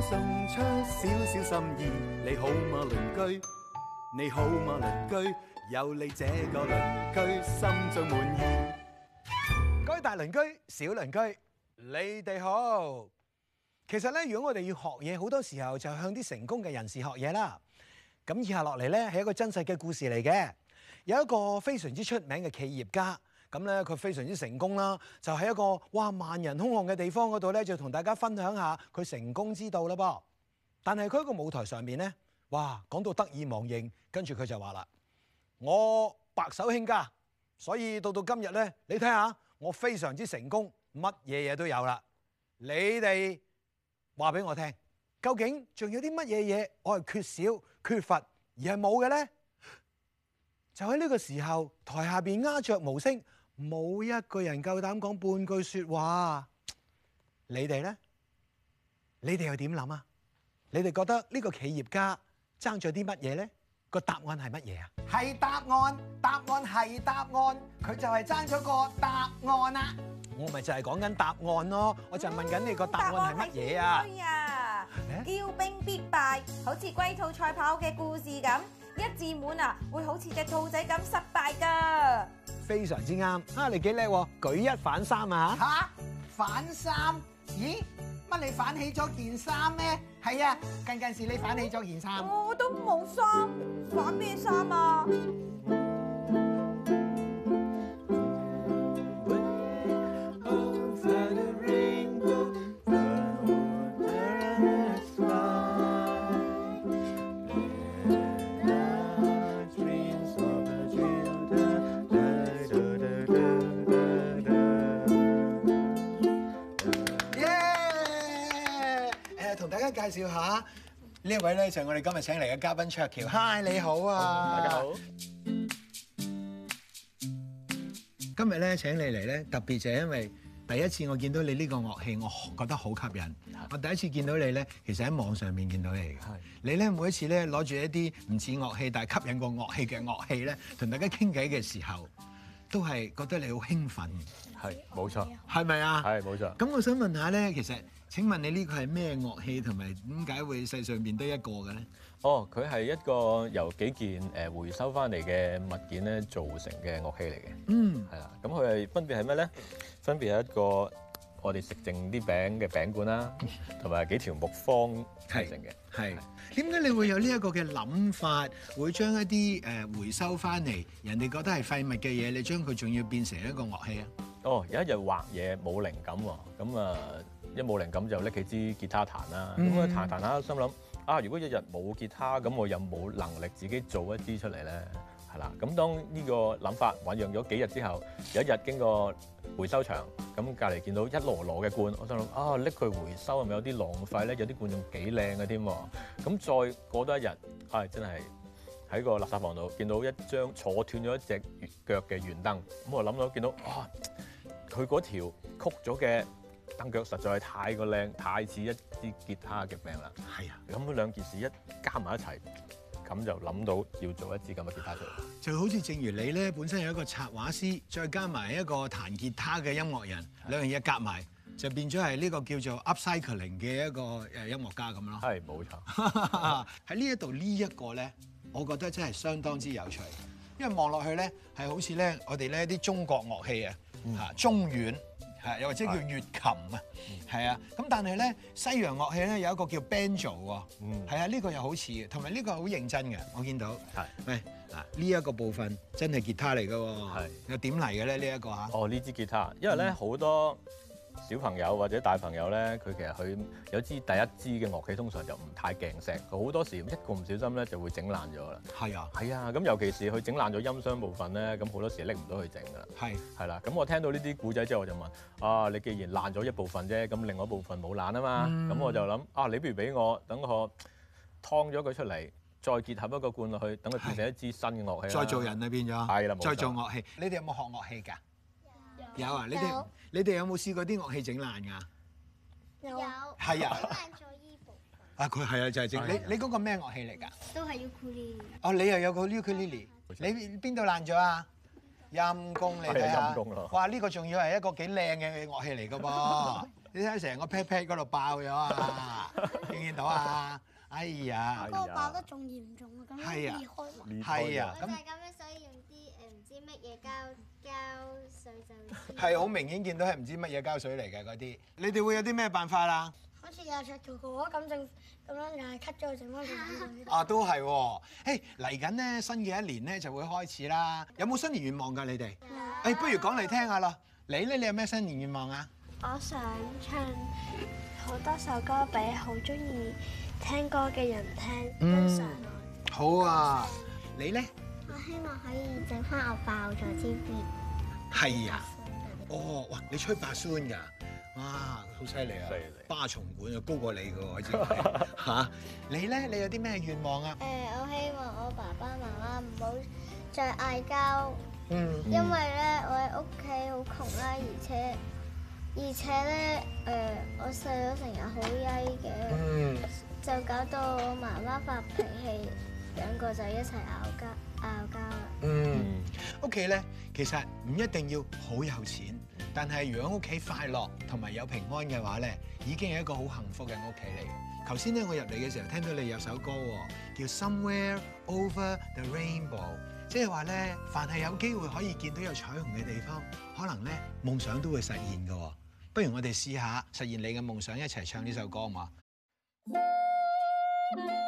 送出少少心意，你好嗎，鄰居？你好嗎，鄰居？有你這個鄰居，心中滿意。各位大鄰居、小鄰居，你哋好。其實咧，如果我哋要學嘢，好多時候就向啲成功嘅人士學嘢啦。咁以下落嚟咧，係一個真實嘅故事嚟嘅。有一個非常之出名嘅企業家。咁咧，佢非常之成功啦，就喺一個哇萬人空巷嘅地方嗰度咧，就同大家分享下佢成功之道啦噃。但係佢喺個舞台上面咧，哇講到得意忘形，跟住佢就話啦：我白手興家，所以到到今日咧，你睇下我非常之成功，乜嘢嘢都有啦。你哋話俾我聽，究竟仲有啲乜嘢嘢我係缺少、缺乏而係冇嘅咧？就喺呢個時候，台下面鴉雀無聲。冇一個人夠膽講半句説話，你哋咧？你哋又點諗啊？你哋覺得呢個企業家爭咗啲乜嘢咧？個答案係乜嘢啊？係答案，答案係答案，佢就係爭咗個答案啊。我咪就係講緊答案咯，我就問緊你個、嗯、答案係乜嘢啊？啊！驕兵必敗，好似龜兔賽跑嘅故事咁，一自滿啊，會好似隻兔仔咁失敗㗎。非常之啱，嚇你幾叻喎，舉一反三啊嚇！反三，咦，乜你反起咗件衫咩？係啊，近近時你反起咗件衫，我都冇衫，反咩衫啊？呢一位咧就係我哋今日請嚟嘅嘉賓卓翹 Hi，你好啊好，大家好。今日咧請你嚟咧，特別就係因為第一次我見到你呢個樂器，我覺得好吸引。我第一次見到你咧，其實喺網上面見到你嘅。你咧每一次咧攞住一啲唔似樂器，但係吸引過樂器嘅樂器咧，同大家傾偈嘅時候，都係覺得你好興奮。係，冇錯。係咪啊？係冇錯。咁我想問一下咧，其實。請問你呢個係咩樂器，同埋點解會世上邊得一個嘅咧？哦，佢係一個由幾件誒回收翻嚟嘅物件咧造成嘅樂器嚟嘅。嗯，係啦，咁佢係分別係咩咧？分別係一個我哋食剩啲餅嘅餅罐啦，同埋幾條木方嚟成嘅。係，點解你會有呢一個嘅諗法，會將一啲誒回收翻嚟人哋覺得係廢物嘅嘢，你將佢仲要變成一個樂器啊？哦，有一日畫嘢冇靈感喎，咁啊～一冇靈感就拎起支吉他彈啦，咁啊彈彈下心諗啊，如果一日冇吉他，咁我又冇能力自己做一支出嚟咧？係啦，咁當呢個諗法醖釀咗幾日之後，有一日經過回收場，咁隔離見到一籮籮嘅罐，我想諗啊，拎佢回收係咪有啲浪費咧？有啲罐仲幾靚嘅添喎。咁再過多一日，唉真係喺個垃圾房度見到一張坐斷咗一隻腳嘅圓櫈，咁我諗到見到啊，佢嗰條曲咗嘅。蹬腳實在係太過靚，太似一支吉他嘅名啦。係啊，咁兩件事一加埋一齊，咁就諗到要做一支咁嘅吉他嘅。就好似正如你咧，本身有一個插畫師，再加埋一個彈吉他嘅音樂人，兩樣嘢夾埋，就變咗係呢個叫做 upcycling 嘅一個誒音樂家咁咯。係冇錯。喺 呢一度呢一個咧，我覺得真係相當之有趣，因為望落去咧係好似咧我哋咧啲中國樂器、嗯、啊，嚇中阮。係又或者叫月琴啊，係啊、嗯，咁但係咧西洋樂器咧有一個叫 banjo 喎、嗯，係啊，呢個又好似，同埋呢個好認真嘅，我見到係喂，呢、啊、一、這個部分真係吉他嚟㗎喎，係又點嚟嘅咧？呢一、這個嚇？哦，呢支吉他，因為咧好、嗯、多。小朋友或者大朋友咧，佢其實佢有支第一支嘅樂器，通常就唔太勁石，佢好多時一個唔小心咧就會整爛咗啦。係啊，係啊，咁尤其是佢整爛咗音箱部分咧，咁好多時拎唔到去整㗎啦。係，係啦、啊，咁我聽到呢啲故仔之後，我就問：啊，你既然爛咗一部分啫，咁另外一部分冇爛啊嘛？咁、嗯、我就諗：啊，你不如俾我等我劏咗佢出嚟，再結合一個罐落去，等佢變成一支新嘅樂器。再做人啊，變咗。係啦，冇錯。再做樂器，你哋有冇學樂器㗎？有啊！你哋你哋有冇試過啲樂器整爛噶？有。係啊。爛咗依部。啊，佢係啊，就係整你你嗰個咩樂器嚟噶？都係 ukulele。哦，你又有個 ukulele，你邊度爛咗啊？陰公嚟㗎。係陰公咯。哇！呢個仲要係一個幾靚嘅樂器嚟㗎噃。你睇成個 pat pat 嗰度爆咗啊！見唔見到啊？哎呀！嗰個爆得仲嚴重啊！咁裂開喎。係啊。咁就係咁樣所以。乜嘢膠膠水就係好 明顯見到係唔知乜嘢膠水嚟嘅嗰啲，你哋會有啲咩辦法啦？好似有卓同我咁整咁樣又係 cut 咗佢整翻嚟。樣 啊，都係喎、哦。誒、hey,，嚟緊咧新嘅一年咧就會開始啦。 有冇、hey, 新年願望噶你哋？誒，不如講嚟聽下啦。你咧，你有咩新年願望啊？我想唱好多首歌俾好中意聽歌嘅人聽。嗯，好啊。你咧？我希望可以整翻我爆咗啲血。係啊，哦，哇，你吹巴松噶，哇，好犀利啊！犀利，巴松管就高過你嘅喎，我知吓、 啊？你咧，你有啲咩願望啊？誒、呃，我希望我爸爸媽媽唔好再嗌交。嗯。因為咧、嗯，我喺屋企好窮啦，而且而且咧，誒、呃，我細佬成日好曳嘅，就搞到我媽媽發脾氣，兩個就一齊嗌交。嗯，屋企咧，其實唔一定要好有錢，但係如果屋企快樂同埋有平安嘅話咧，已經係一個好幸福嘅屋企嚟。頭先咧，我入嚟嘅時候聽到你有首歌叫 Somewhere Over the Rainbow，即係話咧，凡係有機會可以見到有彩虹嘅地方，可能咧夢想都會實現㗎。不如我哋試下實現你嘅夢想，一齊唱呢首歌嘛。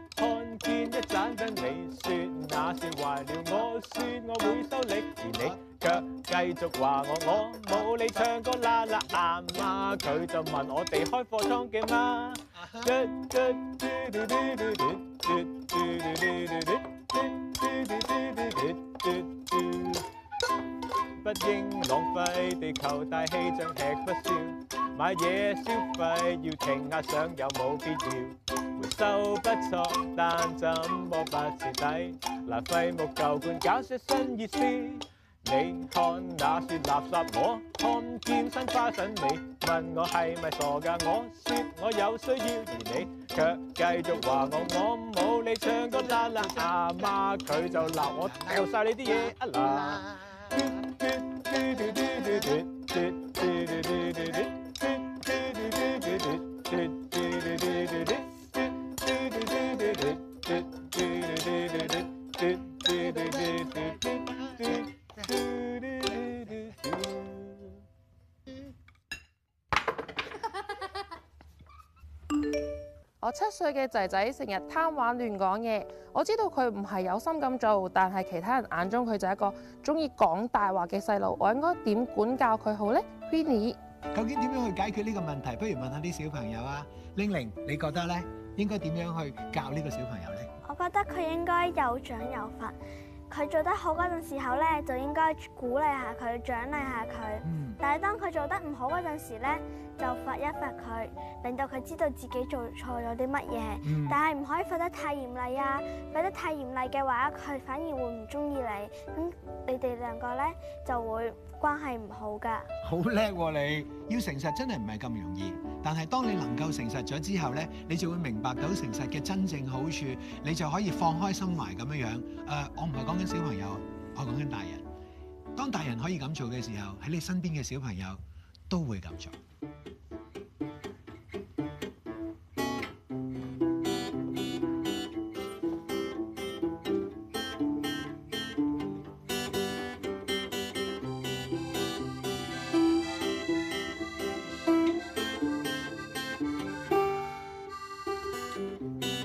見一盞燈，你說那是壞了，我說我會修理，而你卻繼續話我，我冇你唱歌。啦啦阿媽，佢就問我哋開貨倉嘅嗎？不應浪費地球大氣象吃不消，買嘢消費要停下想有冇必要？就不錯，但怎麼不徹底？嗱，廢木舊罐搞些新意思。你看那雪垃圾我，我看見新花審美。問我係咪傻㗎？我說我有需要，而你卻繼續話我我冇。你唱歌啦啦，阿媽佢就鬧我丟晒你啲嘢啊啦。 我七歲嘅仔仔成日貪玩亂講嘢，我知道佢唔係有心咁做，但係其他人眼中佢就係一個中意講大話嘅細路，我應該點管教佢好呢？Vinny，究竟點樣去解決呢個問題？不如問下啲小朋友啊。玲玲，你覺得呢？應該點樣去教呢個小朋友呢？覺得佢應該有獎有罰，佢做得好嗰陣時候咧，就應該鼓勵下佢，獎勵下佢，嗯。但係當佢做得唔好嗰陣時咧，就罰一罰佢，令到佢知道自己做錯咗啲乜嘢，但係唔可以罰得太嚴厲啊！罰得太嚴厲嘅話，佢反而會唔中意你，咁你哋兩個咧就會關係唔好噶。好叻喎！你要誠實真係唔係咁容易，但係當你能夠誠實咗之後咧，你就會明白到誠實嘅真正好處，你就可以放開心懷咁樣樣。誒，我唔係講緊小朋友，我講緊大人。當大人可以咁做嘅時候，喺你身邊嘅小朋友都會咁做。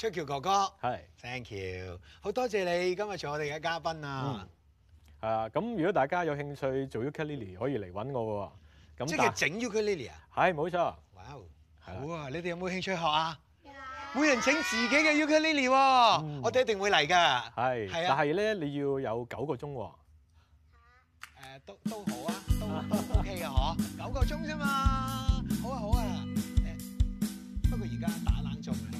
卓翹哥哥，係，thank you，好多謝你今日做我哋嘅嘉賓啊。嗯、啊，咁如果大家有興趣做 Ukulele 可以嚟揾我喎。咁即係整 Ukulele 啊？係，冇錯。哇，好啊！你哋有冇興趣學啊？啊，每人請自己嘅 Ukulele 我哋一定會嚟㗎。係。係啊。但係咧，你要有九個鐘喎、啊。誒、啊，都都好啊，都，都 OK 啊！呵， 九個鐘啫嘛。好啊，好啊。誒、啊欸，不過而家打冷鐘。